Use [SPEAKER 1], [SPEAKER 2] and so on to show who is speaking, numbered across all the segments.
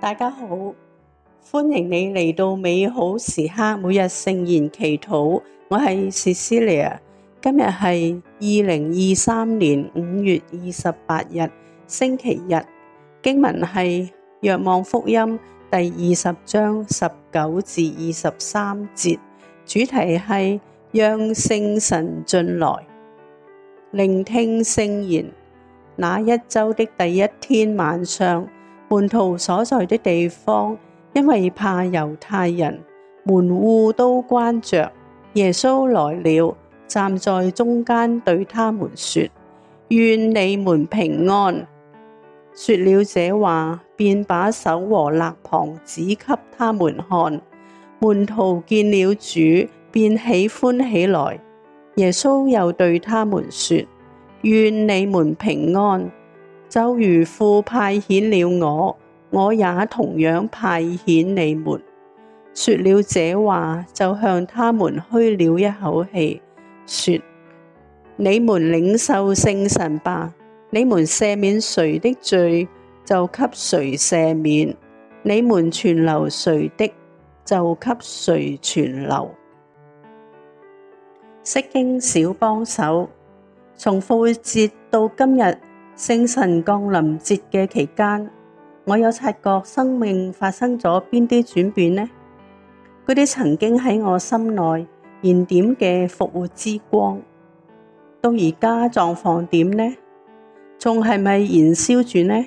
[SPEAKER 1] 大家好，歡迎你嚟到美好時刻每日聖言祈禱。我係 Cecilia，今日係二零二三年五月二十八日星期日。經文係《若望福音》第二十章十九至二十三節，主題係讓聖神進來。聆聽聖言。那一周的第一天晚上。門徒所在的地方，因為怕猶太人，門戶都關着。耶穌來了，站在中間對他們說：願你們平安。說了這話，便把手和肋膀指給他們看。門徒見了主，便喜歡起來。耶穌又對他們說：願你們平安。就如父派遣了我，我也同樣派遣你們。說了這話，就向他們噓了一口氣，說：你們領受聖神吧，你們赦免誰的罪，就給誰赦免；你們存留誰的，就給誰存留。釋經小幫手，從復活節到今日。聖神降臨節嘅期間，我有察覺生命發生咗邊啲轉變呢？嗰啲曾經喺我心內燃點嘅復活之光，到而家狀況點呢？仲係咪燃燒住呢？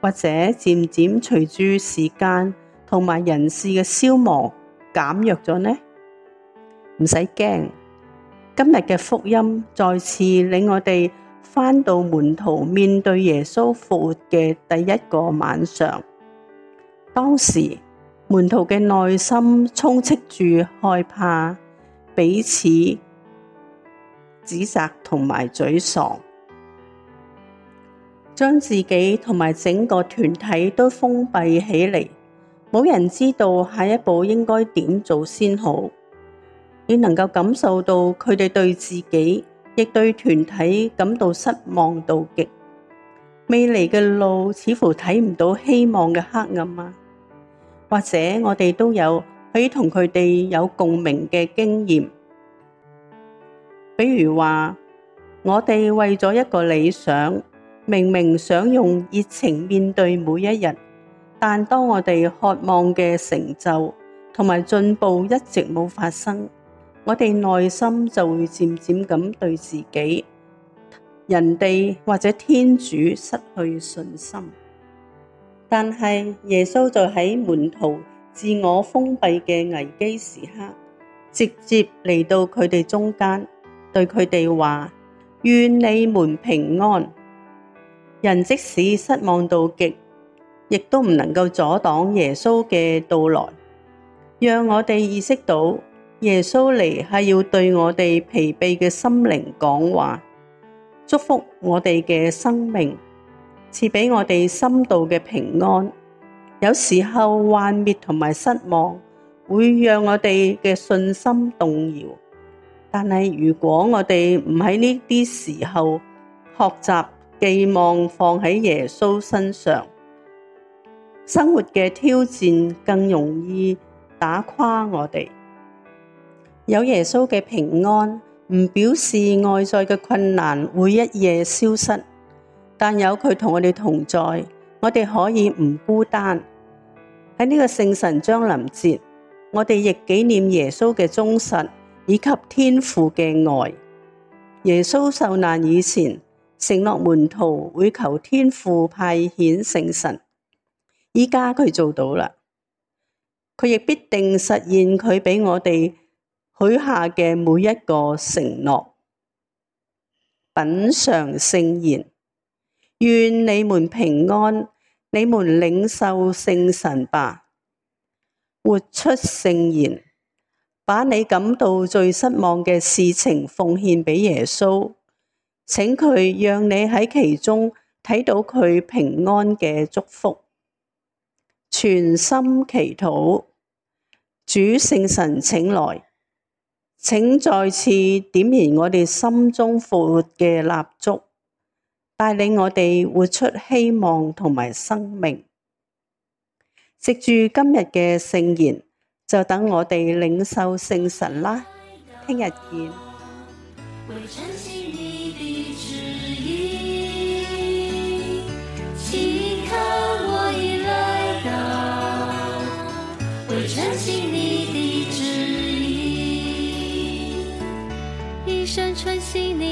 [SPEAKER 1] 或者漸漸隨住時間同埋人事嘅消磨減弱咗呢？唔使驚，今日嘅福音再次令我哋。返到門徒面對耶穌復活嘅第一個晚上，當時門徒嘅內心充斥住害怕，彼此指責同埋沮喪，將自己同埋整個團體都封閉起嚟，冇人知道下一步應該點做先好。你能夠感受到佢哋對自己。亦對團體感到失望到極，未來嘅路似乎睇唔到希望嘅黑暗啊！或者我哋都有可以同佢哋有共鳴嘅經驗，比如話我哋為咗一個理想，明明想用熱情面對每一日，但當我哋渴望嘅成就同埋進步一直冇發生。我哋內心就會漸漸咁對自己、人哋或者天主失去信心，但係耶穌就喺門徒自我封閉嘅危機時刻，直接嚟到佢哋中間，對佢哋話：願你們平安。人即使失望到極，亦都唔能夠阻擋耶穌嘅到來，讓我哋意識到。耶穌嚟係要對我哋疲憊嘅心靈講話，祝福我哋嘅生命，賜畀我哋深度嘅平安。有時候幻滅同埋失望會讓我哋嘅信心動搖，但係如果我哋唔喺呢啲時候學習寄望放喺耶穌身上，生活嘅挑戰更容易打垮我哋。有耶穌嘅平安，唔表示外在嘅困難會一夜消失，但有佢同我哋同在，我哋可以唔孤單。喺呢個聖神將臨節，我哋亦紀念耶穌嘅忠實以及天父嘅愛。耶穌受難以前，承諾門徒會求天父派遣聖神，依家佢做到啦，佢亦必定實現佢畀我哋。許下嘅每一個承諾。品嚐聖言，願你們平安，你們領受聖神吧！活出聖言，把你感到最失望嘅事情奉獻畀耶穌，請佢讓你喺其中睇到佢平安嘅祝福。全心祈禱，主聖神請來。請再次點燃我哋心中復活嘅蠟燭，帶領我哋活出希望同埋生命。藉住今日嘅聖言，就等我哋領受聖神啦。聽日見。